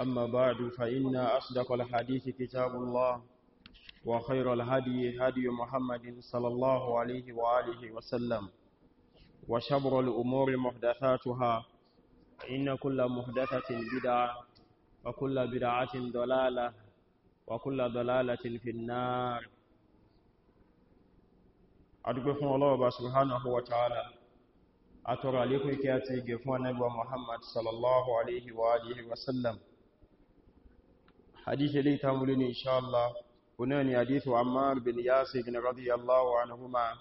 أما بعد فإن أصدق الحديث كتاب الله وخير الهدي هدي محمد صلى الله عليه وآله وسلم وشبر الأمور محدثاتها إن كل محدثة بدعة وكل بدعة ضلالة وكل ضلالة في النار adúgbé الله سبحانه وتعالى أترى لكم a tọrọ alékún صلى الله عليه وآله وسلم annabuwa حديث لي تاملين إن شاء الله هناني حديث عمار بن ياسر رضي الله عنهما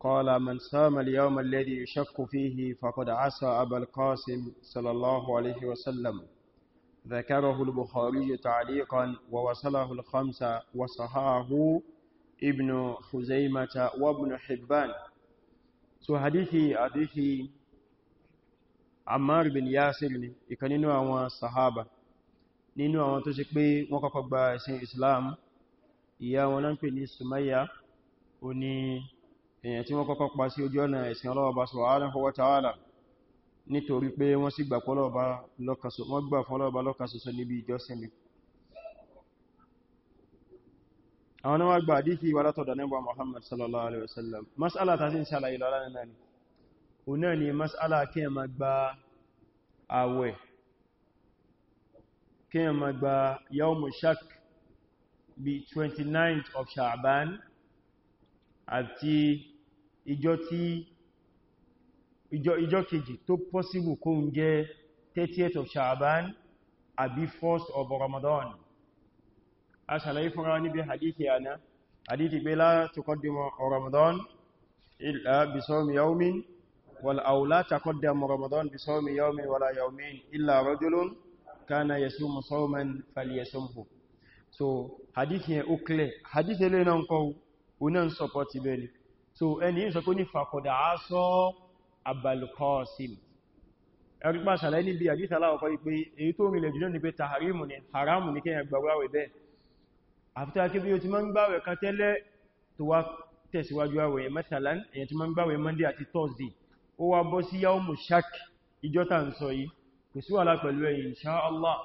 قال من سام اليوم الذي يشك فيه فقد عصى أبا القاسم صلى الله عليه وسلم ذكره البخاري تعليقا ووصله الخمسة وصحاه ابن خزيمة وابن حبان سو hadithi hadithi عمار بن ياسر يكنينو ìkan صحابه nínú àwọn tó ṣe pé wọ́n kọ́kọ́ gba ẹ̀sìn Islam ìyá wọn náà ń pè ní Sumayya ó ní èyàn tí wọ́n kọ́kọ́ pa sí ojú ọ̀nà ẹ̀sìn ọlọ́ọ̀bá subhanahu wa ta'ala nítorí pé wọ́n sì gbà fọ́lọ́ọ̀bá lọ́kan ṣoṣo níbi ìjọsìn àwọn náà gbà àdíkì wà látọ̀dọ̀ nẹ́bà Muhammad sallallahu alaihi wasallam mas'ala kí ẹ ma gba yawmu shak bí 29th of Sha'ban àti ìjọ tí ìjọ kejì tó possible kó ń jẹ́ 30th of Sha'ban àbí 1st of Ramadan a ṣàlàyé fúnra níbi hadithi àná hadithi pé la Ramadan illa bi sawmi yawmin wal aw la Ramadan bi sawmi yawmin wala yawmin illa rajulun kana yasumu sawman falyasumhu so hadith yẹn ó clear hadith ele na nko o na support be so eni sọ ko ni fakoda aso abal qasim ẹ̀rí pa ṣàlàyé níbi àdíṣà aláwọ̀kọ́ ipé èyí tó rìnlẹ̀ ni ní pé ni ní haramu ní kíyàn gbàwẹ̀ bẹ́ẹ̀ àfíta kí bí o ti máa ń gbàwẹ̀ kan tẹ́lẹ̀ tó wá tẹ̀síwájú àwẹ̀ mẹ́tàlán èyàn ti máa ń gbàwẹ̀ monday àti thursday ó wá bọ́ sí yaumu shak ìjọ́ta ń sọ yìí kò sí wàhálà pẹ̀lú ẹ̀ insha Allah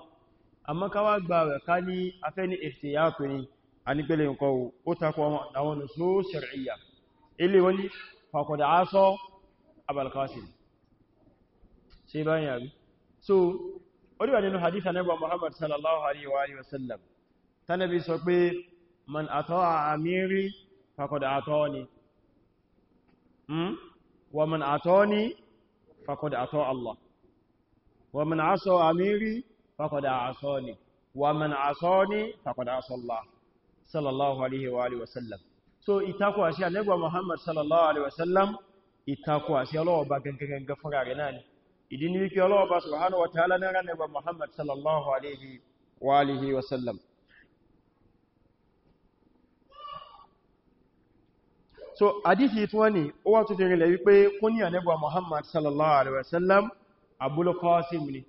àmọ́ ká wá gba rẹ̀ ká ní afẹ́ ní ihtiyat ni a ní pẹ̀lẹ̀ nǹkan ó takọ àwọn nùsó shar'iyya ilé wani fàkọ̀dà aṣọ Abul Qasim ṣe báyìí àbí so ó ومن عصى أميري فقد عصاني ومن عصاني فقد عصى الله صلى الله عليه وآله وسلم so ìtakò àṣẹ àlẹ́gbà Muhammad sallallahu alaihi wasallam ìtakò àṣẹ ọlọ́ọ̀bá gangan fúnra rẹ̀ náà ni ìdí ní wípé ọlọ́ọ̀bá subhanahu wa ta'ala náà so àdífì tí wọ́n ni ó wá tó fi rinlẹ̀ wípé kún Abul Qasim ni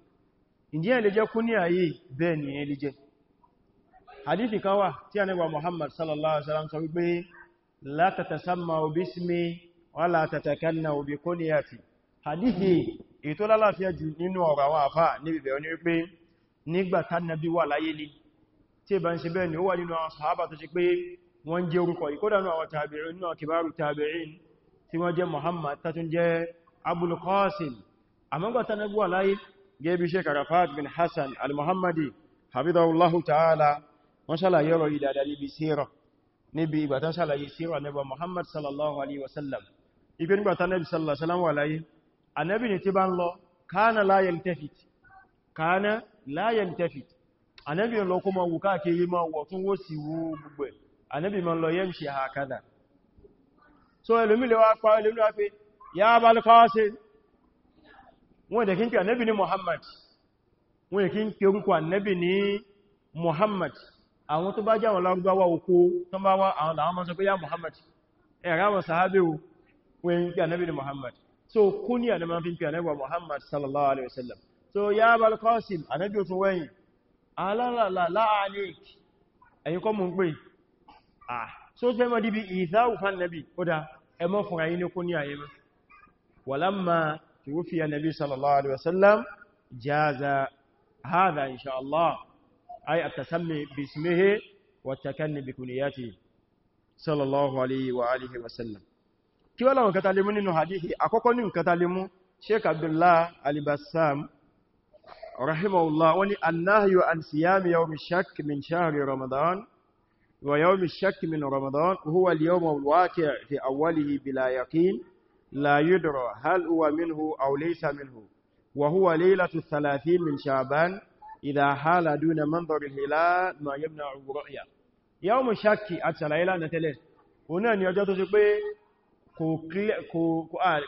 ǹjẹ́ lè jẹ́ kúníyà yìí bẹ́ẹ̀ ni lè jẹ́ hadithi kan wà tí a nígbà Muhammad sallallahu alaihi wasallam sọ wípé la tatasammau bismi wa la tatakannau bi kunyati hadithi ètò lálàáfíà jù nínú ọ̀rọ̀ àwọn àfá níbi bẹ̀rẹ̀ ní wípé nígbà tánàbí wà láyé ni tí ìbá ń ṣe bẹ́ẹ̀ ni ó wà nínú àwọn sàhábà wọ́n jẹ́ orúkọ ìkódánú àwọn tàbírin náà kìbárù tàbírin tí wọ́n jẹ́ Muhammad tàtún jẹ́ Abul Qasim àmọ́gbàtà nẹ́gbù aláyé gẹ́bí Sheikh Arafat bin Hassan al-Muhammadi hafidhahullahu ta'ala wọ́n ṣàlàyé ọ̀rọ̀ yìí dáadáa níbi síra níbi ìgbàtà ṣàlàyé síra nẹ́bà Muhammad sallallahu alaihi wasallam ibi nígbàtà nẹ́bì sallallahu alaihi wasallam wà láyé anẹ́bì ni ti bá ń lọ kana la yaltafit kana la yaltafit anẹ́bì lọ kó ma wù káàkiri ma wọ̀ tún so ẹlòmí lè wá pa ẹlòmí ya Abal Qasim wọ́n dẹ̀ kí ń pè ànẹ́bì ní Muhammad wọ́n dẹ̀ kí ń pè orúkọ ànẹ́bì ní Muhammad àwọn tó bá jáwọn lárúgbáwá oko tó bá wá àwọn làwọn máa pé yá Muhammad ẹ̀rá wọn sàábé o wọ́n ń ànẹ́bì ní Muhammad so kú ní ànẹ́ máa Muhammad sallallahu alaihi wasallam so yá Abal Qasim ànẹ́bì tó wẹ́yìn alálàláàlẹ́k ẹ̀yìn kọ́ mú ah so fẹ́ mọ́ díbi ìzáwù fán nẹ́bì kódà ẹmọ́ fún ayé ní kú توفي النبي صلى الله عليه وسلم جاز هذا إن شاء الله أي التسمي باسمه والتكني بكنياته صلى الله عليه وآله وسلم كيف لو كتالمون إنه حديثي أكوكو نيو كتالمون شيك عبد الله علي بسام رحمه الله وني النهي عن صيام يوم الشك من شهر رمضان ويوم الشك من رمضان هو اليوم الواقع في أوله بلا يقين لا يدرى هل هو منه أو ليس منه وهو ليلة الثلاثين من شعبان إذا حال دون منظر الهلال ما يمنع رؤيا يوم شك أتسلعيلا نتلين هنا نيجاتو سيبي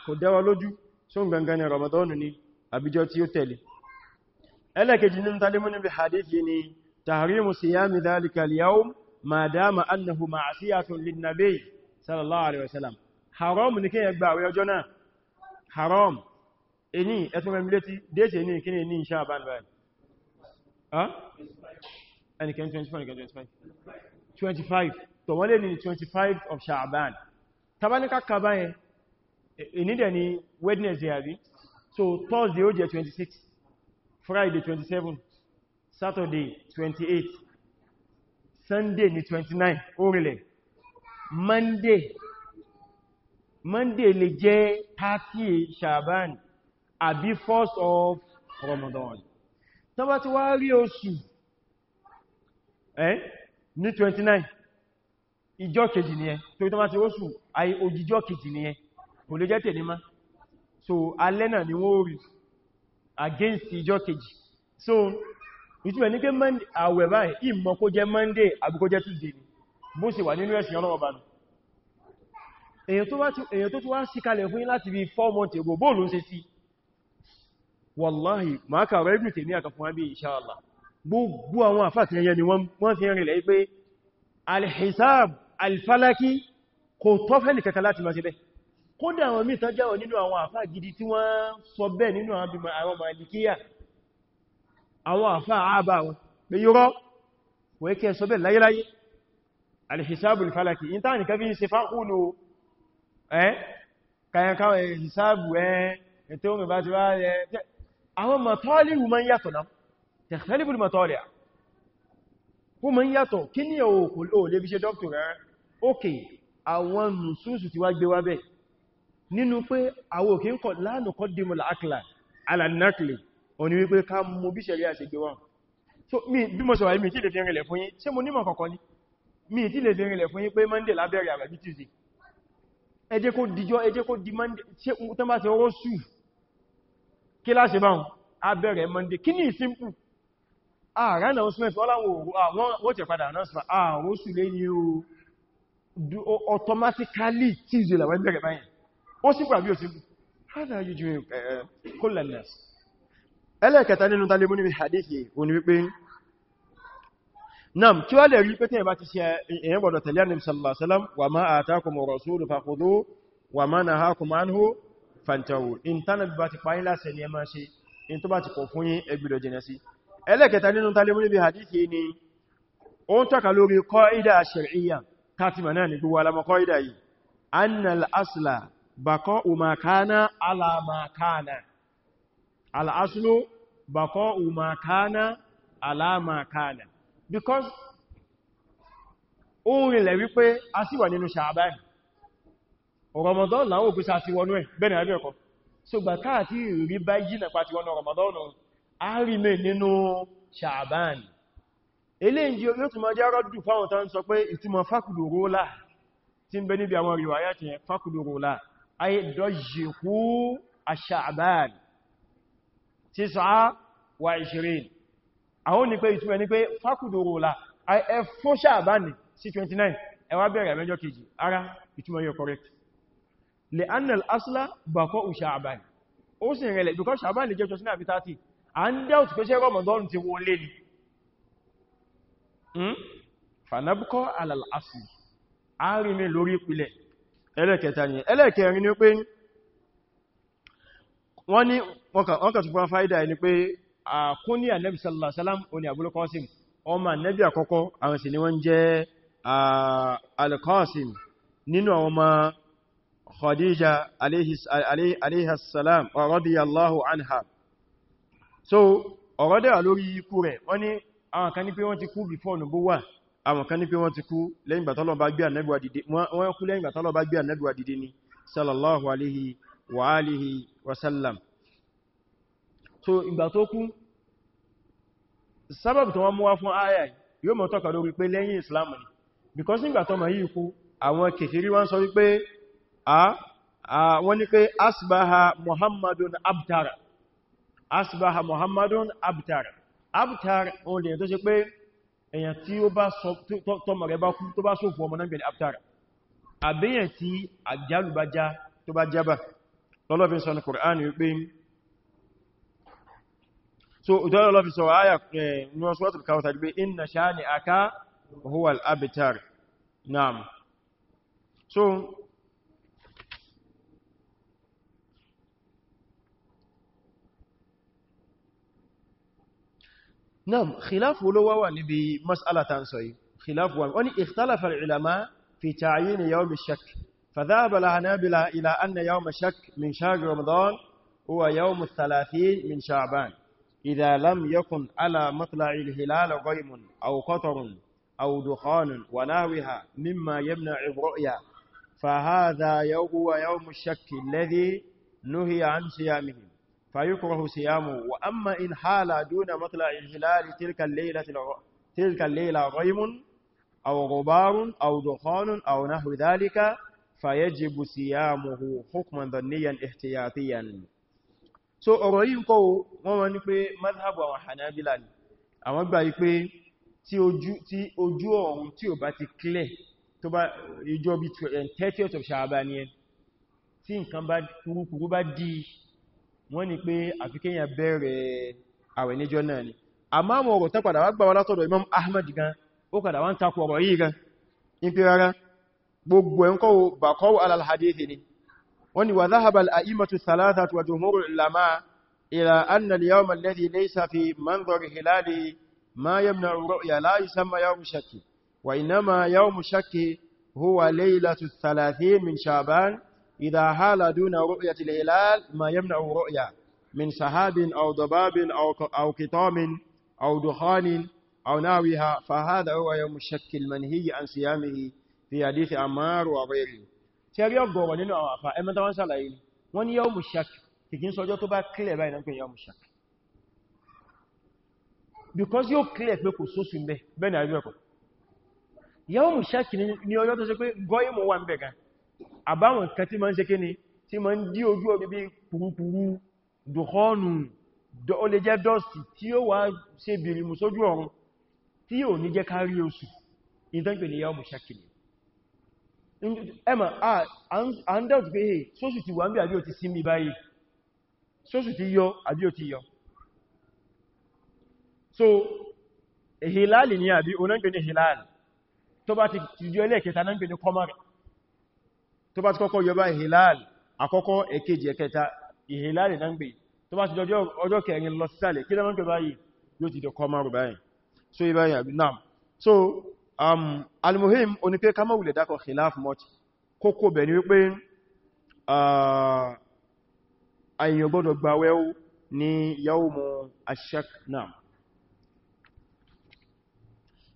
kò dáwà lójú tó ń gangan ni Ramadan ni àbíjọ tí ó tẹ̀lé ẹlẹ́kejì ní tàbí níbi hadithi ni tahrimu siyami dhalika al-yawm ma dama annahu ma'asiyatun linnabi sallallahu alaihi wasallam haram ní kíyàn gba àwẹ̀ ọjọ́ náà haram ẹni ẹ̀tún rẹ̀ mílẹ́tí déètì ní kíni ní insha Allah báyìí ẹnìkan 25 ẹnìkan 25 25 tó wọ́n lè ní 25 of Sha'ban tabanika kaba yẹn ìnídẹ̀ ni Wednesday àbí so Thursday ó jẹ́ 26 Friday 27 Saturday 28 Sunday ni 29 orílẹ̀ Monday monday lè jẹ́ 30 shaban àbí 1st of ramadan tó bá ti wá rí oṣù ẹ́ ní 29 ìjọ kejì ni ẹ tó tó bá ti oṣù ayé òjìjọ kejì ni ẹ kò lè jẹ́ tẹ̀lé má so alẹ́ náà ni wọ́n rí against ìjọ kejì so ìtumẹ̀ ní pé àwẹ̀ báyìí ìmọ̀ kó jẹ́ monday àbí kó jẹ́ tuesday ni bó sì wà nínú ẹ̀sìn ọlọ́wọ́ bá nù èyàn tó tó wá sí kalẹ̀ fún yín láti bí 4 months ago bóòlù ń ṣe sí wallahi ma ka rẹ̀ ibùn tèmí àkàfún wá bí inshallah gbogbo àwọn àfáàtì ẹyẹ ni wọ́n fi rìnlẹ̀ pé alhisab alfalaki kò tọ́fẹ́lì kẹta láti máa ṣe bẹ́ kódà àwọn mìtàn jáwọ nínú àwọn àfáà gidi tí wọ́n sọ bẹ́ẹ̀ nínú àwọn malikiya àwọn àfáà àbá wọn pé yọ́rọ́ wọ́n nìkan fi ń ṣe fáhùn ẹ́ kàyànkáwẹ̀ ìsáàbù ẹ́ ètò omi bá ti wá ẹ́ àwọn mọ̀tọ́lì wù mọ́ yàtọ̀ náà tẹ̀kẹ́lìbù mọ̀tọ́lì à wù mọ́ yàtọ̀ kí ní òkòlò lè fi ṣe dọ́kítọ̀ rẹ̀ ókè àwọn nùsùsù ti wá gbé wá bẹ̀ nínú pé àwọn òkè ń kọ̀ lánàkọ́ dìmọ̀lá àkìlà alànàkìlì òní wípé ká mú bí ṣẹ̀rí àṣẹ gbé wọn so mi bí mo sọ̀rọ̀ mi tí lè fi rìnlẹ̀ fún yín ṣé mo nímọ̀ kọ̀kọ́ ni mi tí lè fi rìnlẹ̀ fún yín pé monday lábẹ́rẹ̀ àbàbí tuesday ẹjẹ́ kó dìjọ́ ẹjẹ́ kó di monday tí ó bá ti ọwọ́ sù kí láṣẹ báhùn abẹ́rẹ̀ monday kí ní ìsìnkú ààrẹ náà sún ẹ̀fẹ́ ọláwọ̀ wọ́n tẹ̀ padà náà sọ ààrùn sù lé ní o automatically tí ìzò làwọn ẹgbẹ̀rẹ̀ báyìí ó sì pàbí òsìnkú ẹlẹ́kẹta nínú talibu níbi hadithi òní wípé nam kí wá lè rí pé tí ẹ̀bá ti ṣe èyàn gbọ́dọ̀ tẹ̀lé Ànábì sallallahu alaihi wasallam wa ma atakum ar-rasulu fakhudhu wa ma nahakum anhu fantahu in tánà bí bá ti pa ilá sẹ ni ẹ máa ṣe in tó bá ti kọ̀ fún yín ẹ gbọ́dọ̀ jìnà sí ń tọ́ka lórí qaida shar'iyya kátìmà náà ni because ohun ilẹ̀ wípé a sì wà nínú Ṣàbáàn Ramadan láwọn òkúsà àti wọnú ẹ̀ bẹ́ẹ̀ ni àbí ẹ̀kọ́ so gbà káàtí rí bá jìnà pàtí wọnú Ramadan a rí mẹ́ nínú Ṣàbáàn ilé ìjí yóò tún mọ́ jẹ́ rọ́dù fáwọn tán sọ pé ìtumọ̀ fákùdùrólà tí ń bẹ níbi àwọn ìwàyà tí yẹn fákùdùrólà ayé dọ́jìkú àṣàbáàn tí sọ́á wà ìṣirin àwọn ní pé ìtumọ̀ ní pé fákùdòrò la ẹ fún ṣàbánì sí 29 ẹ wá bẹ̀rẹ̀ mẹ́jọ kejì ara ìtumọ̀ yóò correct lè annal asla bakọ́ ṣàbánì ó sì rẹ̀lẹ̀ bí kọ́ ṣàbánì jẹ́ 29 àbí 30 à ń dẹ́ òtù pé ṣe rọmọdọ́n ti wọlé ni hmm? fanabukọ́ alal asli a rí mi lórí ìpìlẹ̀ ẹlẹ́kẹta ni ẹlẹ́kẹrin ni pé wọ́n ni wọ́n kà tún fún fáídà ni àkúnní ànábì sallallahu alaihi wasallam oní Abul Qasim ọmọ ànábì àkọ́kọ́ àwọn sì ni wọ́n jẹ́ al-Qasim nínú àwọn ọmọ Khadija aléhìsàlám radiyallahu anha so ọ̀rọ̀ dẹ̀ lórí ikú rẹ̀ wọ́n ní àwọn kan ní pé wọ́n ti kú before nubuwah àwọn kan ní pé wọ́n ti kú lẹ́yìn ìgbà tọ́lọ̀ bá gbé ànábì wa dìde wọ́n kú lẹ́yìn ìgbà ni sallallahu alaihi wa alihi wasallam so ìgbà tó kú sábàbù tó wọ́n mú wá fún àyà yóò mọ̀ tọ́ka lórí pé lẹ́yìn Islam ni because nígbà tó mọ̀ yìí kú àwọn kèfèrí wọ́n sọ wípé a wọ́n ní pé asbaha Muhammadun abtara asbaha Muhammadun abtara abtara òun lè tó ṣe pé èyàn tí ó bá sọ tọ́mọ̀ rẹ̀ bá kú tó bá sófò ọmọ náà gbẹ̀rẹ̀ abtara àbíyàn tí àjálù tó bá jábà lọ́lọ́fin sọ ní Kùránì wípé so ìtọ́lọ́ lọ́fi sọ ayà ní ọ̀ṣọ́tù kawta gbé inna aka huwa al-abtar naam so naam khilafu ló wá wà níbi mas'alatan sọ yi khilaf wà ní ikhtalafa al-ulama fi ta'yin yawm ash-shak فذهب الحنابلة إلى أن يوم الشك من شهر رمضان هو يوم الثلاثين من شعبان إذا لم يكن على مطلع الهلال غيم أو قطر أو دخان ونهوها مما يمنع الرؤيا فهذا هو يوم الشك الذي نهي عن صيامه فيكره صيامه وأما إن حال دون مطلع الهلال تلك الليلة تلك الليلة غيم أو غبار أو دخان أو نحو ذلك فيجب صيامه حكما ظنيا احتياطيا so ọ̀rọ̀ yìí kọ́ wọ́n wọ́n ní pé madhhabu àwọn hanabila ni àwọn gbà yí pé tí ojú ọ̀run tí ò bá ti clear tó bá ìjọ bí 30th eh, of Sha'ban yẹn tí nǹkan bá kúrúkúrú bá di wọ́n ní pé àfikẹ́yà bẹ̀rẹ̀ àwẹ̀ náà ni àmọ́ àwọn ọ̀rọ̀ tó padà wá gbà wá Imam Ahmad gan ó padà wá ń takò ọ̀rọ̀ yìí gan ń pè ni wani wa dhahaba al-a'immatu ath-thalathah wa jumhur al-ulama ila anna al-yawm alladhi laysa fi manzar hilali ma yamna'u ru'ya la yusamma yawm shakki wa inma yawm shakki huwa laylatu ath-thalathin min sha'ban idha hala duna ru'yati al-hilal ma yamna'u ru'ya min sahabin aw dababin aw aw kitamin aw dukhanin أو ناويها فهذا هو يوم الشك المنهي عن صيامه في حديث عمار وغيره tẹ́rí ọgọ̀rọ̀ nínú àwọn àfà ẹmẹ́ta wọ́n sàlàyé wọ́n ní yawmu shak kìkín sọjọ́ tó bá kílẹ̀ báyìí náà pé yawmu shak because yóò kílẹ̀ pé kò sóṣù mẹ́ bẹ́ẹ̀ni àríwẹ̀kọ̀ yawmu shak ni ọjọ́ tó ṣe pé gọ́ìmù wà ń bẹ̀ gan àbáwọn kan tí ma ń ṣe kí ni tí ma ń dí ojú omi bí pùrùpùrù dùkọ́nù ó lè jẹ́ dọ́ọ̀sì tí ó wá ṣe bìrìmù sójú ọ̀run tí ò ní jẹ́ kárí oṣù ìtọ́jú ni yawmu shak ni ẹmà à ń dáwọ̀ pé hey sóṣù ti wà ń bí àbí o ti sí mi báyìí sóṣù ti yọ àbí o ti yọ so ìhìláàlì ni àbí onáńgbé ní ìhìláàlì tó bá ti jọ ẹlẹ́ẹ̀kẹta náńgbé ní kọmar tó bá ti kọ́kọ́ yọba ìhìláàlì àkọ́kọ́ èkejì ẹ̀kẹta ìhìláàlì náńgbé tó bá ti jọ ọjọ́ kẹrin lọ sísàlẹ̀ kí lọ́nà um, almuhim ó ní pé ká má wulẹ̀ dákọ̀ khilaf much kókó bẹ̀ ni wípé uh, àyíyàn gbọ́dọ̀ gbàwẹ̀ ní yawmu ashak náà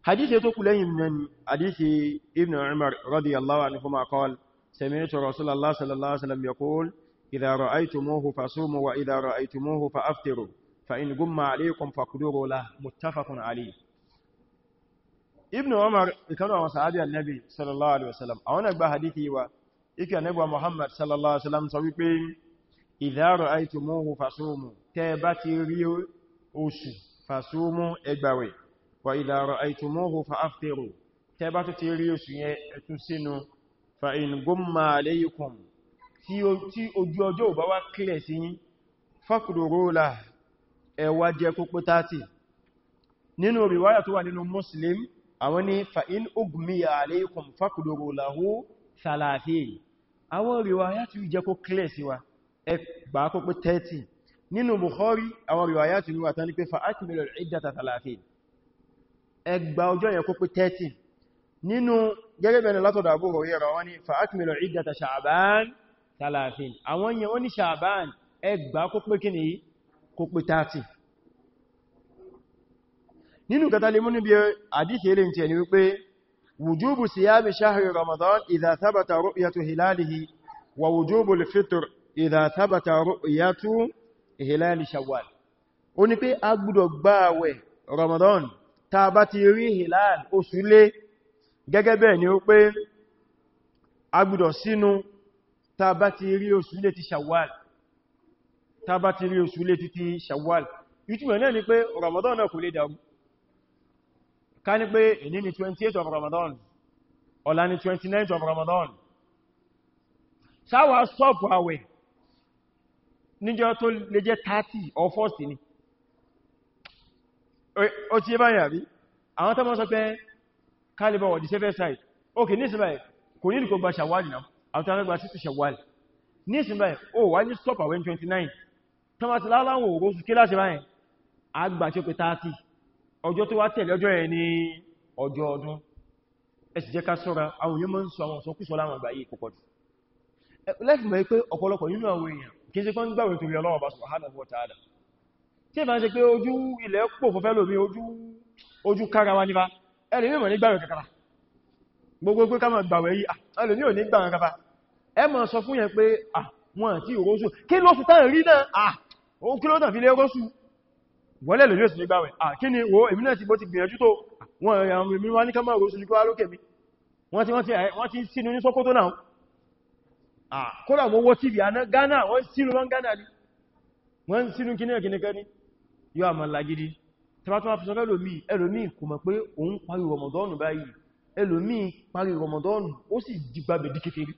hadithi tó kù lẹ́yìn nan hadithi ibn umar radiyallahu anhu ma qala sami'tu rasulallah sallallahu alaihi wasallam yaqul idha ra'aytumuhu fasumu wa idha ra'aytumuhu fa'aftiru fa in gumma alaykum faqduru la muttafaqun alayhi ibn umar ikanu àwọn sahabi annabi sallallahu alaihi wasallam àwọn agba hadithi wa ike annabi muhammad sallallahu alaihi wasallam sọ wípé idha ra'aytumuhu fasumu tẹ́ bá ti rí oṣù fasumu egbawe wa idha ra'aytumuhu fa'aftiru tẹ́ bá ti rí oṣù yẹn ẹ̀tún sínú fa in gumma alaykum tí ojú ọjọ́ bá wá clear sí yín fakuduru la ẹ wá jẹ kó 30 nínú riwaya tó wà nínú muslim àwọn ní fa'in ugmiya alaykum fakudoro lahu thalathin àwọn riwayatu jẹ́ kó kílẹ̀ sí wa ẹ gbà kó pé 30 nínú Bukhari àwọn riwayatu ní wata ní pé fa'akmilu al-iddata thalathin ẹ gbà ọjọ́ yẹn kó pé 30 nínú gẹ́gẹ́ bẹ̀rẹ̀ látọ̀dọ̀ Abu Hurairah wọ́n nínú kata lè mú níbi àdíṣe ilé tí ẹni wípé wùjúbù siyami shahri ramadan idha thabata ru'yatu hilalihi wa wùjúbù lifitr idha thabata ru'yatu hilali shawwal ó ní pé a gbọ́dọ̀ gbààwẹ̀ ramadan ta bá ti rí hilal oṣù lé gẹ́gẹ́ bẹ́ẹ̀ ni ó pé a gbọ́dọ̀ sínú ta bá ti rí oṣù lé ti shawwal ká ní pé èní ni 28 of Ramadan ọ̀la ni 29 of Ramadan sáwà sọ́pù àwẹ̀ níjọ́ tó lè jẹ́ 30 or 40 ni ó ti yé báyìí àbí àwọn tó mọ́ sọ pé kálíbọ̀ wọ̀ di safe side ok nísìnbà kò ní ìdíkò gba ṣàwálì náà àwọn tó gba sísù ṣàwálì nísìnbà ó wà ní sọ́pù àwẹ̀ 29 tó má ti láláwọ̀ ògbóṣù kí láti báyìí àgbà tí ó pé 30 ọjọ́ tó wá tẹ̀lé ọjọ́ ẹ̀ ní ọjọ́ ọdún ẹ sì jẹ́ ká sọ́ra àwọn yóò máa ń sọ àwọn sọkúsọ láwọn àgbà yìí púpọ̀ jù lẹ́fì mọ̀ pé ọ̀pọ̀lọpọ̀ nínú àwọn èèyàn kì í ṣe kán gbàwẹ̀ torí ọlọ́ọ̀bá subhanahu wa ta'ala tí ìbá ń ṣe pé ojú ilẹ̀ pò fọ́fẹ́ lómi ojú kára wa nípa ẹlòmí mọ̀ ní gbàwẹ̀ kàkàrà gbogbo pé káàmà gbàwẹ̀ yìí ẹlòmí ò ní gbàwẹ̀ kàkàrà ẹ mọ̀ sọ fún yẹn pé àwọn àti ìrósù kí wọ́lẹ̀ lórí òsì nígbà rẹ̀ kí ni wo èmi náà ti bó ti gbìyànjú tó wọ́n rẹ̀ àwọn èmi wá ní ká máa rò sùn nígbà lókè mi wọ́n ti wọ́n ti sínú ní Sókótó náà kódà wọ́n wọ́ tv Ghana wọ́n sínú wọ́n Ghana ni wọ́n sínú kí ní kan ní yóò àmà lágidi tẹ́bátọ́wà fi sọ́rọ̀ ẹlòmí ẹlòmí kò mọ̀ pé òun parí Ramadan báyìí ẹlòmí parí Ramadan ó sì dìgbàbẹ̀ díkẹfẹ́rí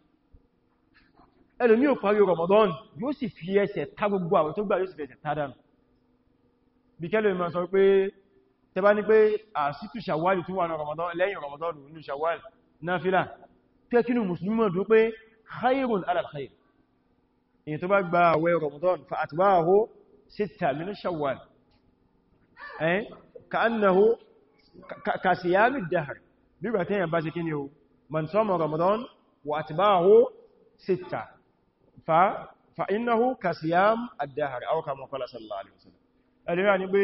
ẹlòmí ò parí Ramadan yóò sì fi ẹsẹ̀ ta gbogbo àwọn tó gbà yóò sì fẹsẹ̀ ta bí kẹ́lò ìmọ̀ sọ pé tẹbá ní pé àsìtù ṣàwálì tó wà ní Ramadan lẹ́yìn Ramadan nínú ṣàwálì náfílà tẹ́kínú musulmi mọ̀ dúpé khairun ala khair èyí tó bá gba àwẹ̀ Ramadan fa atba'ahu sitta min ṣàwálì ẹ́ ka annahu ka siyami dahr bí gbà fa innahu ka siyam aw kama qala sallallahu alaihi wasallam ẹlẹ́rà ní pé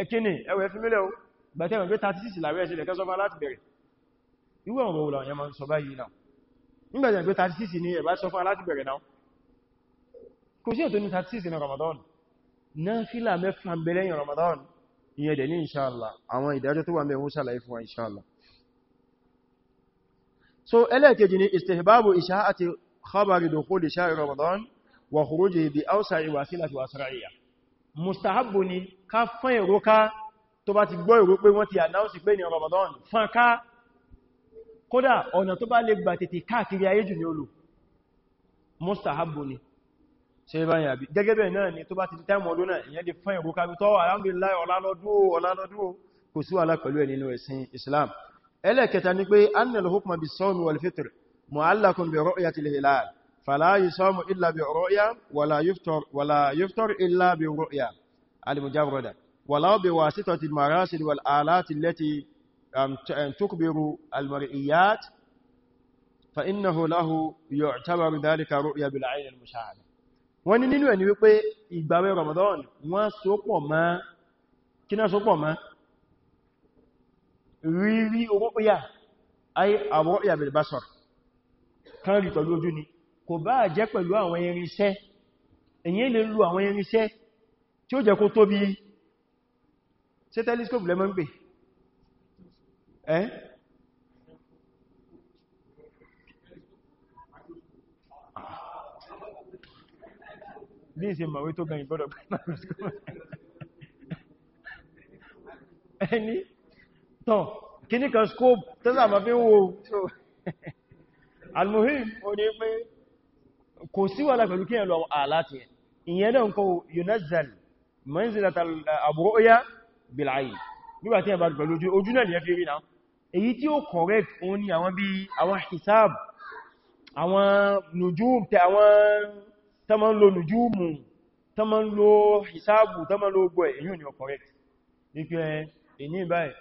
ẹkíní ẹwẹ̀ fi mílẹ̀ o gbẹ̀tẹ̀rẹ̀ pé 36 láwẹ́ ẹ̀ṣẹ̀lẹ̀ kẹsọ́fà láti bẹ̀rẹ̀ irú ọ̀rọ̀ òun àwọn ẹmọ sọ báyìí náà nígbàtẹ̀ pé 36 ní ẹ̀bá sọfà láti bẹ̀rẹ̀ náà kò sí ètò ní 36 ní Ramadan náfílà mẹ́fà ń bẹ lẹ́yìn Ramadan ìyẹn dẹ̀ ní wa inṣáàlá so ẹlẹ́ẹ̀kejì ni istihbabu isha'ati khabari dukhuli sha'i Ramadan wa khurujihi bi awsa'i wasilati wa mustahabu ni ká fán èrò ká tó bá ti gbọ́ èrò pé wọ́n ti announce pé ní Ramadan fán ká kódà ọ̀nà tó bá lè gbà tètè káàkiri ayé jù ní olù mustahabu ni ṣe bá yà bí gẹ́gẹ́ bẹ̀ náà ni tó bá ti di táìmù ọdún náà ìyẹn di fán èrò ká bí tọ́ فلا يصوم إلا برؤيا ولا يفطر ولا يفطر إلا برؤيا المجردة ولا بواسطة المراسل والآلات التي تكبر المرئيات فإنه له يعتبر ذلك رؤيا بالعين المشاهدة wọ́n ní nínú ẹni wípé ìgbàwẹ̀ Ramadan wọ́n sopọ̀ mọ́ kí náà sopọ̀ mọ́ rírí orúkúyà ayé àwọ̀ ìyàbẹ̀lẹ̀ bá sọ̀rọ̀ kan rí pẹ̀lú ojú ni kò bá jẹ́ pẹ̀lú àwọn irinṣẹ́ èyí lè lo àwọn irinṣẹ́ tí ó jẹ́ kó tóbi ṣe telescope lẹ́mọ́ ń pè ẹ́ bí i ṣe mọ̀wé tó gan ìbọ́dọ̀ ẹni tán kí ní kan scope tẹ́sà ma fi ń wo almuhim o ní pé kò sí wà lápẹ̀lú kí ẹ̀lọ àláti ẹ̀ ìyẹn náà kò yunazzal manzilata al-ru'ya bil-ayn nígbàtí ẹ̀bá pẹ̀lú ojú náà yẹn rí náà èyí tí ó correct òun ni àwọn bí àwọn hisab àwọn nujum tẹ àwọn tọ́mọ́n lo nujumu tọ́mọ́n lo hisabu tọ́mọ́n lo èyí ni ó correct wípé èyí báyìí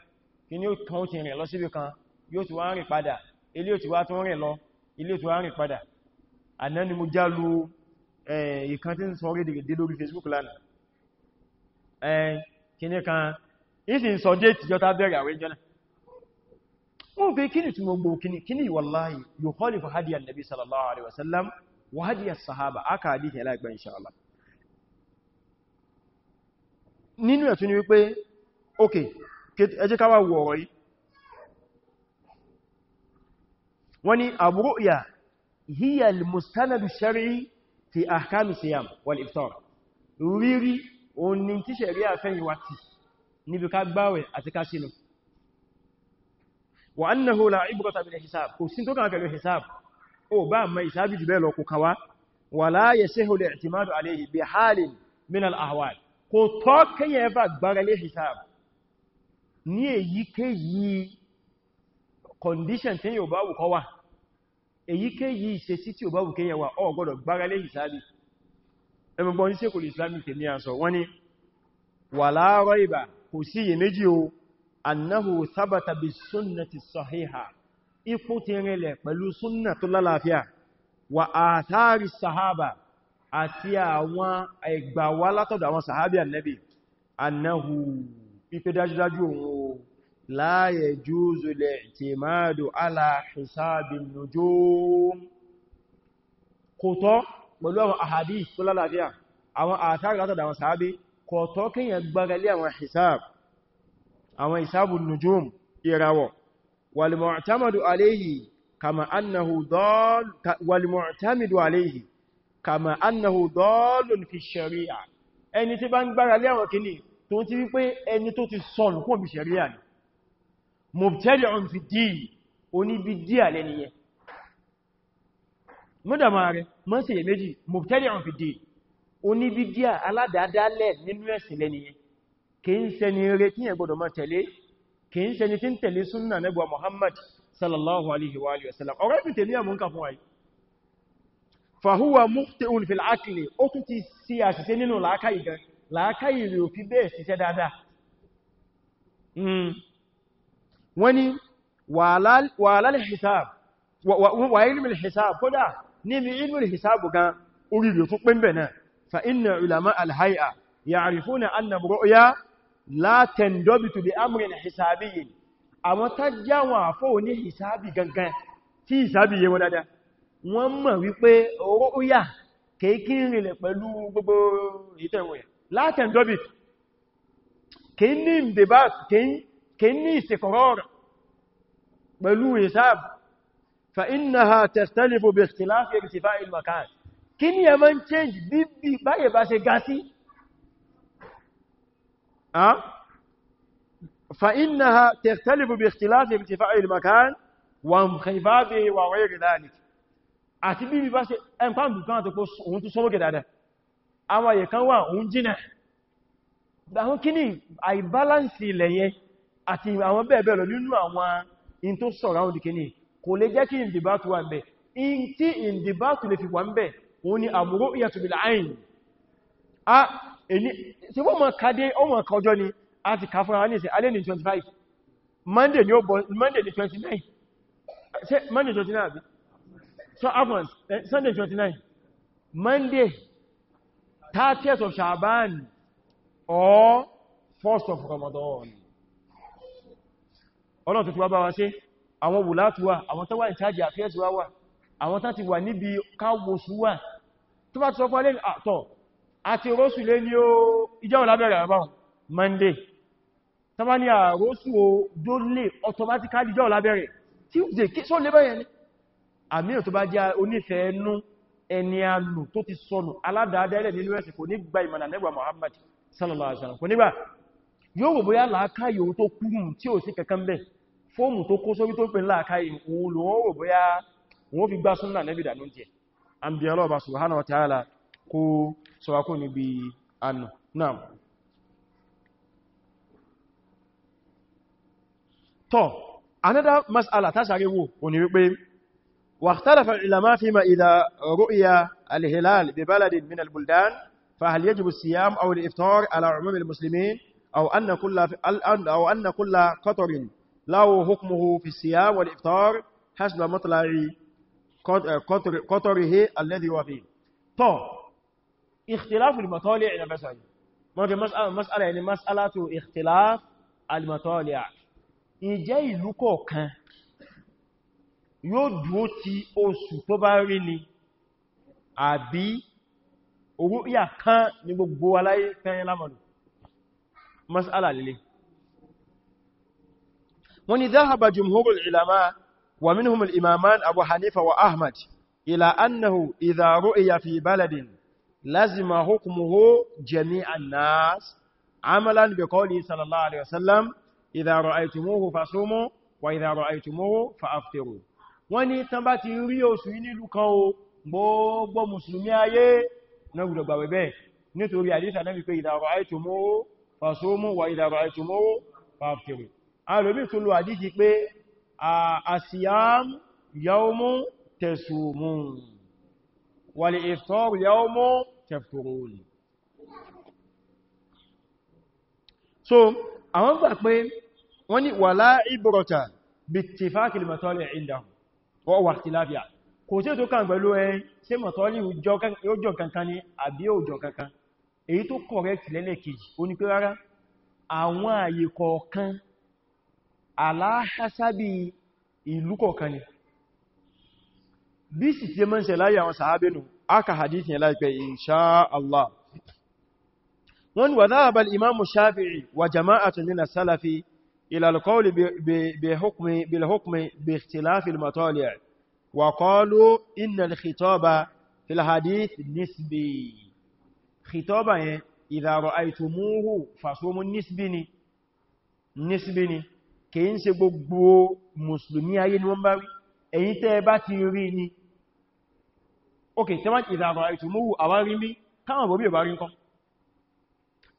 kí ni ó kàn ó ti rìn lọ síbi kan yóò ti wá rìn padà ilé ò ti wá tún rìn lọ ilé ò ti wá rìn padà àná ni mo jálù ìkan tí ń sọ orí dìde lórí Facebook lánàá kíní kan ìsìn sọ dé tìjọta bẹ̀rẹ̀ àwẹ́ jọ́nà wọ́n fẹ́ kíní tí mo gbò kíní wallahi yukhalifu hadiya annabi sallallahu alaihi wasallam wa hadiya sahaba aka hadith ya láìpẹ́ inshallah nínú ẹ̀tún ni wípé ok ẹ هي المستند الشرعي في احكام الصيام والافطار rírí òun ni tí ṣẹ̀rí àfẹ́yìnwá ti níbi ká gbáwẹ̀ àti ká sínú wa annahu la ibrata bil hisab kò sí tó kàn pẹ̀lú hisab ó bá mọ̀ ìsáàbì jù bẹ́ẹ̀ lọ kò kawa wala yasihu al-i'timadu alayhi bi halin min al-ahwal kò tọ́ kíyẹ fà gbára lé hisab ní èyíkéyìí condition tí yóò bá wù kọwàá èyíkéyìí ìṣesí tí ò bá wù kéèyàn wà ọ gbọ́dọ̀ gbára lé ìsáàbì ẹgbẹ̀gbọ́n ní ṣékòlù islami tèmí àṣọ wọ́n ni wà láàárọ̀ ìbà kò sí yè méjì o annahu sábàtà bí súnnà ti sọ̀híhà ipò ti rinlẹ̀ pẹ̀lú súnnà tó lálàáfíà sahaba àti àwọn ẹgbàwá látọ̀dọ̀ àwọn sahabi annabi annahu pípẹ́ dájúdájú لا يجوز الاعتماد على حساب النجوم kòtọ́ pẹ̀lú àwọn àhàdí tó lálàáfíà àwọn àtàrí látọ̀dà àwọn sàábé kòtọ́ kíyàn gbáralé àwọn hisab àwọn hisabu nujum ìràwọ̀ wàlìmọ̀tàmàdù aléyìí kama annahu dọ́ọ̀lùn fi sharia ẹni tí bá ń gbáralé àwọn kìíní tó ti wípé ẹni tó ti sọnù mubtadi'un fi dìí oníbídí àlẹ́niyẹ mọ́dàmà rẹ̀ mọ́sí èméjì mubtadi'un fi dìí oníbídí aládàádálẹ̀ nínú ẹ̀sìn lẹ́niyẹ kìí ṣẹni rẹ̀ tí yẹn gbọdọ̀ máa tẹ̀lé kìí ṣẹni tí ń tẹ̀lé súnnà nẹ́gbà Muhammad sallallahu alaihi wa alihi wa sallam ọ̀rẹ́ fi tèmí àmúnkà fún wa fahuwa mukhti'un fil aqli ó tún ti sí àṣìṣe nínú wọ́n ni wàhálàlì hisab wà ilmi hisab kódà níbi ilmi hisab gan orí rẹ̀ fún pínbẹ̀ náà fa inna ulama alhai'a ya'rifuna anna ru'ya la tandabitu bi amrin hisabiyyin àwọn tajjáwọn àfọ́ ní hisabi gangan tí hisabi yẹ wọ́n dáadáa wọ́n mọ̀ wípé ru'ya ní ìdèbá kèé kìí ní ìsìkọ̀rọ̀rọ̀ pẹ̀lú ìsáàbù fa iná ha testanifu bí ìsìláfí ìrìsìfá ilmakan kí ní ẹ mọ́n change bí bí báyẹ bá ṣe ga sí fa iná ha testanifu bí ìsìláfí ìrìsìfá ilmakan wà ń kàífà bí wà wáyé rìdánik àti bí bí bá ṣe ẹnkwan bí kan tó kó ohun tó sọ́lọ́gẹ̀ àwọn àyẹ̀kan wà ohun jìnà àwọn kíní àìbálánsì ilẹ̀ àti àwọn bẹ́ẹ̀bẹ́ẹ̀ lọ nínú àwọn in tó surround kìíní kò lè jẹ́ kí ìdìbátù wà ń bẹ̀ in tí ìdìbátù lè fi wà bẹ̀ òun ni àmúrò ìyàtù a èyí tí wọ́n mọ̀ kádé ọmọ kọjọ́ ni a ti ká fúnra ní ìsẹ̀ monday ni ó bọ̀ monday ni 29 so afon eh, sunday 29 monday 30 of shaban or 1st of ramadan ọlọ́run tó ti wá bá wa ṣe àwọn wùlátù wa àwọn tó wà ní charge affairs wa wà àwọn tó ti wà níbi káwòsù wà tó bá ti sọ fún alẹ́ àtọ̀ àti rósù lé ní ìjọ́ lábẹ̀rẹ̀ Monday tó bá ní automatically ìjọ́ lábẹ̀rẹ̀ Tuesday kí só lé bẹ́yẹn ni àmìyàn tó bá jẹ́ onífẹ̀ẹ́ nú ẹni alù tó ti sọnù aládàádẹ́lẹ̀ nínú ẹ̀sìn kò ní gba ìmọ̀nà nẹ́gbà Muhammad sallallahu alaihi wasallam kò nígbà yóò wò bóyá làákàyò tó kúrùn tí ò sí kankan bẹ́ẹ̀ fóòmù tó kó sórí tó pè láàká ìwòlò wọ́n rò bóyá wọ́n fi gbá súnnà nẹ́bì dà lóúnjẹ́ àbíyànlọ́ ọba subhanahu wa ta'ala kó sọ́wakó níbi ànà náà tọ́ another mas'ala ta sáré wo wípé wàhtàlàfà ìlàmá له حكمه في الصيام والإفطار حسب مطلع قطره الذي هو فيه طب اختلاف المطالع إلى مسألة ممكن مسألة, مسألة يعني مسألة اختلاف المطالع ìjẹ́ ìlú kọ̀ọ̀kan yóò dúó ti oṣù tó bá rí ni àbí owó ìyà kan ní gbogbo aláyé kẹrin lámọ̀lù mas'ala lílé وني ذهب جمهور العلماء ومنهم الإمامان أبو حنيفة وأحمد إلى أنه إذا رؤي في بلد لازم حكمه جميع الناس عملا بقوله صلى الله عليه وسلم إذا رأيتموه فصوموا وإذا رأيتموه فأفطروا وني تنباتي يريو سويني لكو gbogbo musulmi ayé náà gbogbo gbàwẹ̀ bẹ́ẹ̀ nítorí àdísà náà wípé ìdàrọ̀ àìtùmó fàṣómú wà ìdàrọ̀ àìtùmó fàfẹ́rẹ̀ alòmí tó lò àdíjì pé àṣíyàm yaumu tẹ̀sùmùn wàlì ìfọ́rù yaumu tẹ̀fùrùn so àwọn gbà pé wọ́n ní wàlá ìbọ̀rọ̀ta bí tìfákìlì mọ̀tọ́lẹ̀ ìdáhùn wọ́n wà tí láfíà kò tí ó tó kàn pẹ̀lú ẹ ṣe mọ̀tọ́lẹ̀ òjò kankan ni àbí òjò kankan èyí tó correct lẹ́lẹ́kejì ó ní pé rárá àwọn àyè aláhásábì ìlú kọ̀ọ̀kan ni bí sì tí mọ́ ṣe láyé àwọn sàábẹ̀nù aka hadithi láìpẹ́ insha Allah wọ́n wà záàbà imamu shafi'i wa jama'atun min as-salafi ila al-qawli bi hukmi bil hukmi bi ikhtilafi al kìí ṣe gbogbo mùsùlùmí ayé ni wọ́n bá rí èyí tẹ́ bá ti rí ni ok tẹ́wọ́n ti ìdàbà ìtùmúwù àwárí mí káwọn bọ̀bí ò bá rí nǹkan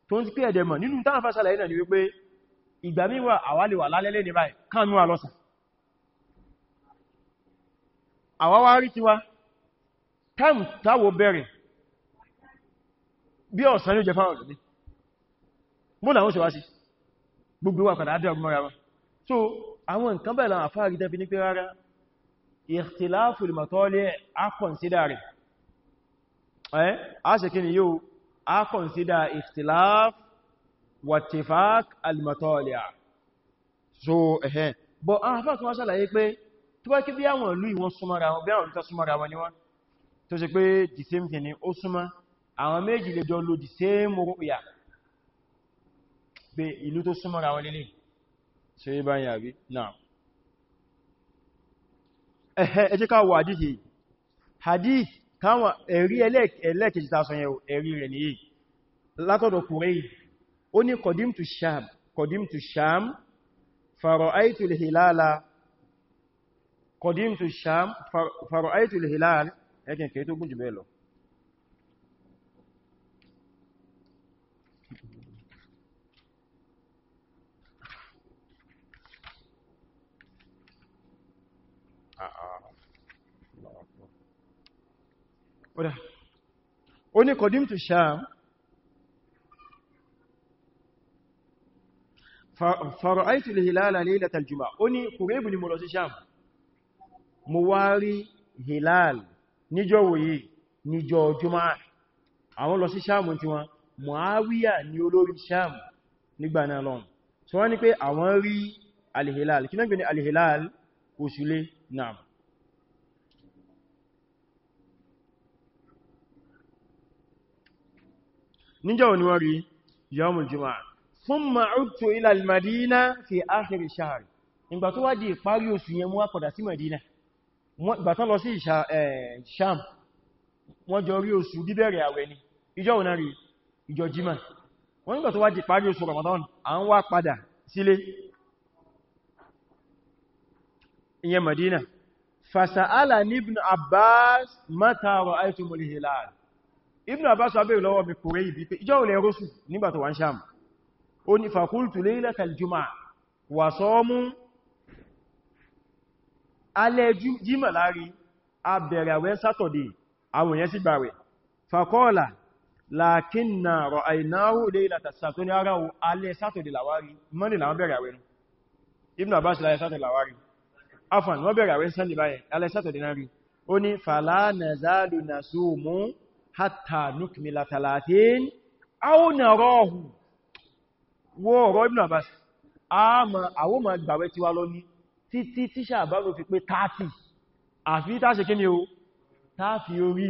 tó ń ti pé ẹ̀dẹ̀mọ̀ nínú táwọn fásàlẹ̀ náà ni wípé ìgbà mí wà àwálè wà lálẹ́lẹ́ ní báyìí kánú àlọ́sàn àwáwárí ti wá táìmù táwò bẹ̀rẹ̀ bí ọ̀sán ló jẹ fáwọn gbogbo wà padà adé ọgbọ́n ra so àwọn nǹkan bẹ̀rẹ̀ àwọn àfáà gidẹ́ fi ní pé rárá ikhtilafu al-matali' a consider rẹ̀ ẹ́ a ṣe kí ni yóò a consider ikhtilaf wa ittifaq al-matali' so eh. bọ̀ àwọn àfáà tó wá ṣàlàyé pé tó bá kí bí àwọn ìlú ìwọ̀n súnmọ́ra wọn bí àwọn ìlú tó súnmọ́ra wọn ni wọ́n tó ṣe pé the same thing ni ó súnmọ́ àwọn méjì lè jọ lo the same ru'ya pé ìlú tó súnmọ́ra wọn lélẹ́yìn ṣe bá ń yàrí náà ẹ̀hẹ́ ẹ jẹ́ ká wo hadith yìí hadith káwọn ẹ̀rí ẹlẹ́kẹ̀ẹ́jì tásọ yẹ̀ ẹ̀rí rẹ̀ nìyí látọ̀dọ̀ Kurayb ó ní qadimtu Sham qadimtu Sham fara'aytu al-hilala qadimtu Sham fara'aytu al-hilal ẹ̀kẹ̀kẹ̀ tó gùn jù ọ̀dá ó ní kọ̀dím tó Sham fara'aytu al-hilala laylata al-juma ó ní kùrẹ́bù ni mo lọ sí Sham mo wá rí hilal níjọ́ wòye níjọ́ jùmá àwọn lọ sí Sham tí wọn Muawiya ni olórí Sham nígbà náà lọ́n tí wọ́n ní pé àwọn rí al kí náà gbé ní al òṣùlé náà níjọ́ ni wọ́n rí yawmul jumu'ah thumma udtu ila al-madina fi akhir ash-shahr ìgbà tó wá di ìparí oṣù yẹn mú wá padà sí madina ìgbà tán lọ sí sham wọ́n jọ rí oṣù bíbẹ̀rẹ̀ àwẹ̀ ni ìjọ́ òun rí ìjọ jimá wọ́n nígbà tó wá di ìparí oṣù ramadan à ń wá padà sílé ìyẹn madina fasa'ala ibn abbas mata ra'aytumul hilal ibn abbas abẹ́rẹ̀ lọ́wọ́ mi kòrè ibi pé ìjọ́ olè rọ́sù nígbàtí wọ́n ṣàm o ní fàkúltù laylatal jùmọ̀ wà sọ́ọ́mú alẹ́ jímọ̀ lárí abẹ̀rẹ̀ àwẹ̀ sátọ̀dẹ̀ àwọn yẹn sì gbàwẹ̀ fàkọ́ọ̀lá lákínà rọ̀ àìnáwó laylatas sátọ̀dẹ̀ ara alẹ́ sátọ̀dẹ̀ làwárí mọ́ni làwọn bẹ̀rẹ̀ àwẹ̀ ibn abbas láyé sátọ̀dẹ̀ làwárí afan wọ́n bẹ̀rẹ̀ àwẹ̀ sátọ̀dẹ̀ láyé alẹ́ sátọ̀dẹ̀ náà rí ó ní fàlá nàzálù hatta nukmila talatin aw narahu wo ro ibn abbas ama awo ma gbawe ti wa lo ni títí tí shabaro fi pé 30 àfi ta ṣe kíni o ta fi orí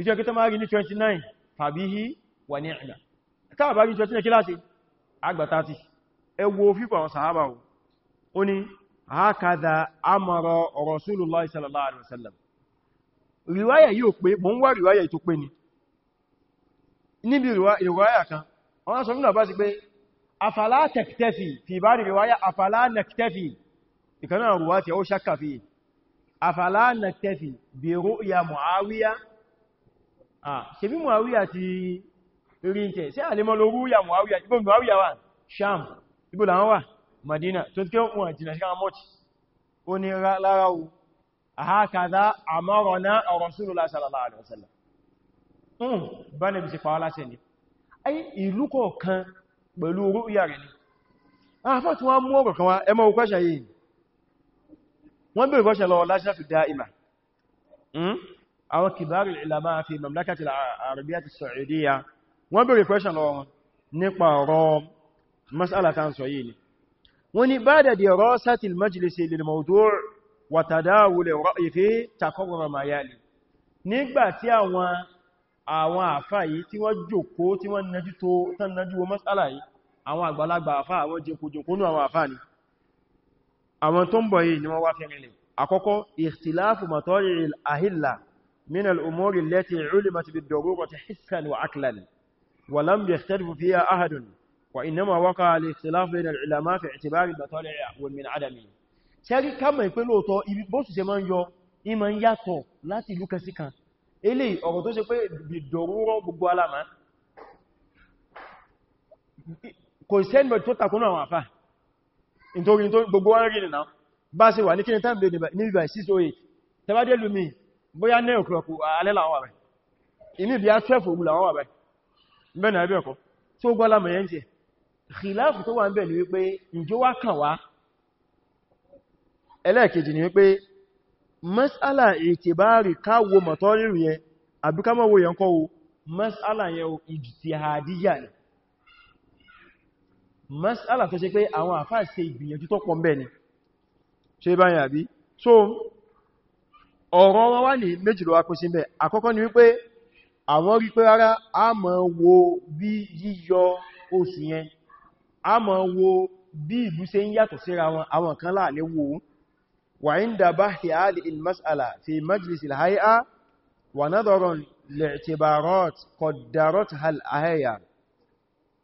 iṣẹ́ kí tó máa rí ní 29 fabihi wa ni'ma ta bá rí 29 kíláàsì àgbà 30 ẹ wo fífò àwọn sahaba o ó ní hakadha amara rasulullah sallallahu alaihi wasallam riwaya yìí ò pé mo ń wá riwaya yìí tó pé ni níbi riwaya kan wọ́n sọ nínú àbáṣí pé afala tẹ̀kẹ́fì fi bá rí riwaya afala nẹ̀kẹ́fì ìkanáà ruwa tí ó ṣakka fi afala nẹ̀kẹ́fì bí ru'ya mu'awiya a ṣe bí mu'awiya ti rí ń tẹ̀ sí àlemọ́ ló ru'ya ibo mu'awiya wà sham ibo làwọn wà madina tó tí ó wọ́n jìnà sí هكذا أمرنا رسول الله صلى الله عليه وسلم bẹ́lẹ̀ bí ti pa aláṣẹ ni ayi ìlú kọ̀ọ̀kan pẹ̀lú orú ìyà rẹ̀ ni afọ́ tí wọ́n mú ọ̀rọ̀ kan wá ẹmọ òkwẹ́ṣẹ̀ yìí wọ́n bèèrè kwẹ́ṣẹ̀ lọ láṣẹ́ fi dá ìmà àwọn kìbárì ìlàmá fi mamlakati arabiya ti saudiya ni wọ́n ni da dirasati al-majlisi lil mawdu' wàtàdáwulẹ̀ ìfẹ́ takọ́rọ̀ mayali nígbàtí àwọn àwọn àfá yìí tí wọ́n jòkó tí wọ́n nájú tó tán nájú wọ́n mọ́sálà yìí àwọn àgbàlagbà àfá àwọn jẹkojòkónú àwọn àfá ni àwọn tó ń bọ̀ yìí ni wọ́n wá fẹ́rinlẹ̀ àkọ́kọ́ ikhtilafu matari al-ahilla min al-umuri allati ulimat bid-darurati hissan wa aqlan wa lam yakhtalifu fiha ṣẹ́rí kámọ̀ ìpé lóòtọ́ ibi bóòsù ṣe máa ń yọ ìmọ̀ ń yàtọ̀ láti ìlú kan sí kan ilé ọ̀rọ̀ tó ṣe pé bìdọ̀rúrọ̀ gbogbo alama kò sẹ́nbẹ̀ tó takúnú àwọn àfá nítorí gbogbo wọn rí nìna bá ṣe wà ní kíni tán bèèrè ní ibà 608 tẹbádé lumi bóyá ní òkúrọ̀kú alẹ́ làwọn wà bẹ̀ inú ẹlẹ́ẹ̀kejì ni wípé mas'ala ìtìbárì káwo mọ̀tọ́rìrì yẹn àbí ká mọ́wó yẹn kọ́wó mas'ala yẹn ìjìtìhàdíyà ni mas'ala tó ṣe pé àwọn àfáà ṣe ìgbìyànjú tó pọ̀ ni ṣe báyìí àbí so ọ̀rọ̀ wọn wá ní méjì ló wá kó sí ń bẹ àkọ́kọ́ ni wípé àwọn rí bí ìlú ṣe ń yàtọ̀ síra wọn àwọn kan láàlẹ́wò وعند بحث هذه المسألة في مجلس الهيئة ونظر لاعتبارات قدرتها الهيئة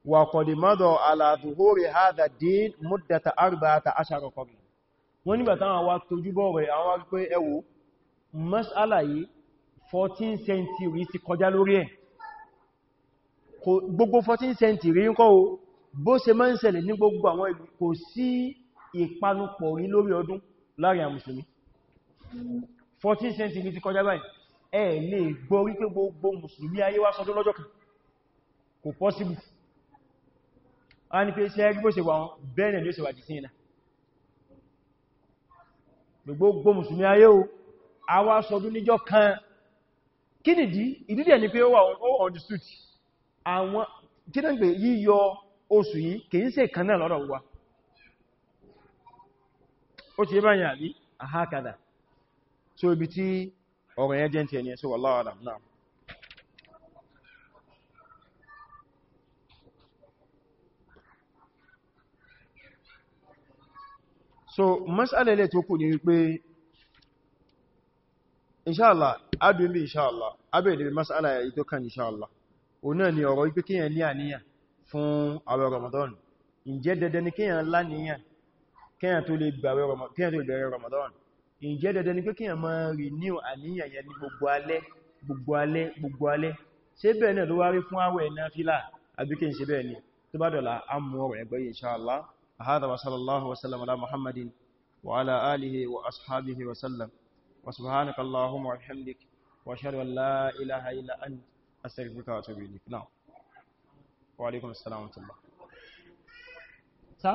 وقد مضى على ظهور هذا الدين مدة أربعة عشر قرن wọ́n nígbà táwọn wá tójú bọ̀rẹ̀ àwọn wá pé ẹ 14th century ti kọjá lórí ẹ̀ gbogbo 14th century ń kọ́ o bó ṣe máa ń ṣẹlẹ̀ ní gbogbo àwọn ìlú kò sí ìpanupọ̀ rí lórí ọdún láàrin àwọn 14th century ti kọjá báyìí ẹ lè gbọ́ wípé gbogbo mùsùlùmí ayé wá sọdún lọ́jọ́ kan kò pọ́síbù a ní pé ṣe gbogbo ṣe wà wọn bẹ́ẹ̀nẹ̀ ló ṣe wà jì sí gbogbo mùsùlùmí ayé o a wá sọdún níjọ́ kan kí nìdí ìdídẹ̀ ni pé ó wà on the street àwọn kí náà gbé yíyọ oṣù yìí kìí ṣe kan náà lọ́dọ̀ wa ó ti yẹ báyìí àbí àhákàdà so ibi tí ọ̀rọ̀ yẹn ti ẹni ẹ̀sọ́ wallahu náà so masalẹ̀lẹ̀ tó kù ní wípé inṣáàlá adúmbí inṣáàlá abẹ́lẹ̀ masala ya kan inṣáàlá o náà ni ọ̀rọ̀ wípé kíyàn ní àníyàn fún àwọn Ramadan nje dandan ni kíyàn láníyàn kíyàn tó lè bẹ̀rẹ̀ Ramadan ìjẹ́ dandan ni pé kíyàn máa renew àníyàn yẹn ní gbogbo alẹ́ gbogbo alẹ́ gbogbo alẹ́ ṣe bẹ́ẹ̀ náà ló wárí fún àwẹ̀ náfílà àbí kí n ṣe bẹ́ẹ̀ ni tó bá dọ̀la ki se bee ni to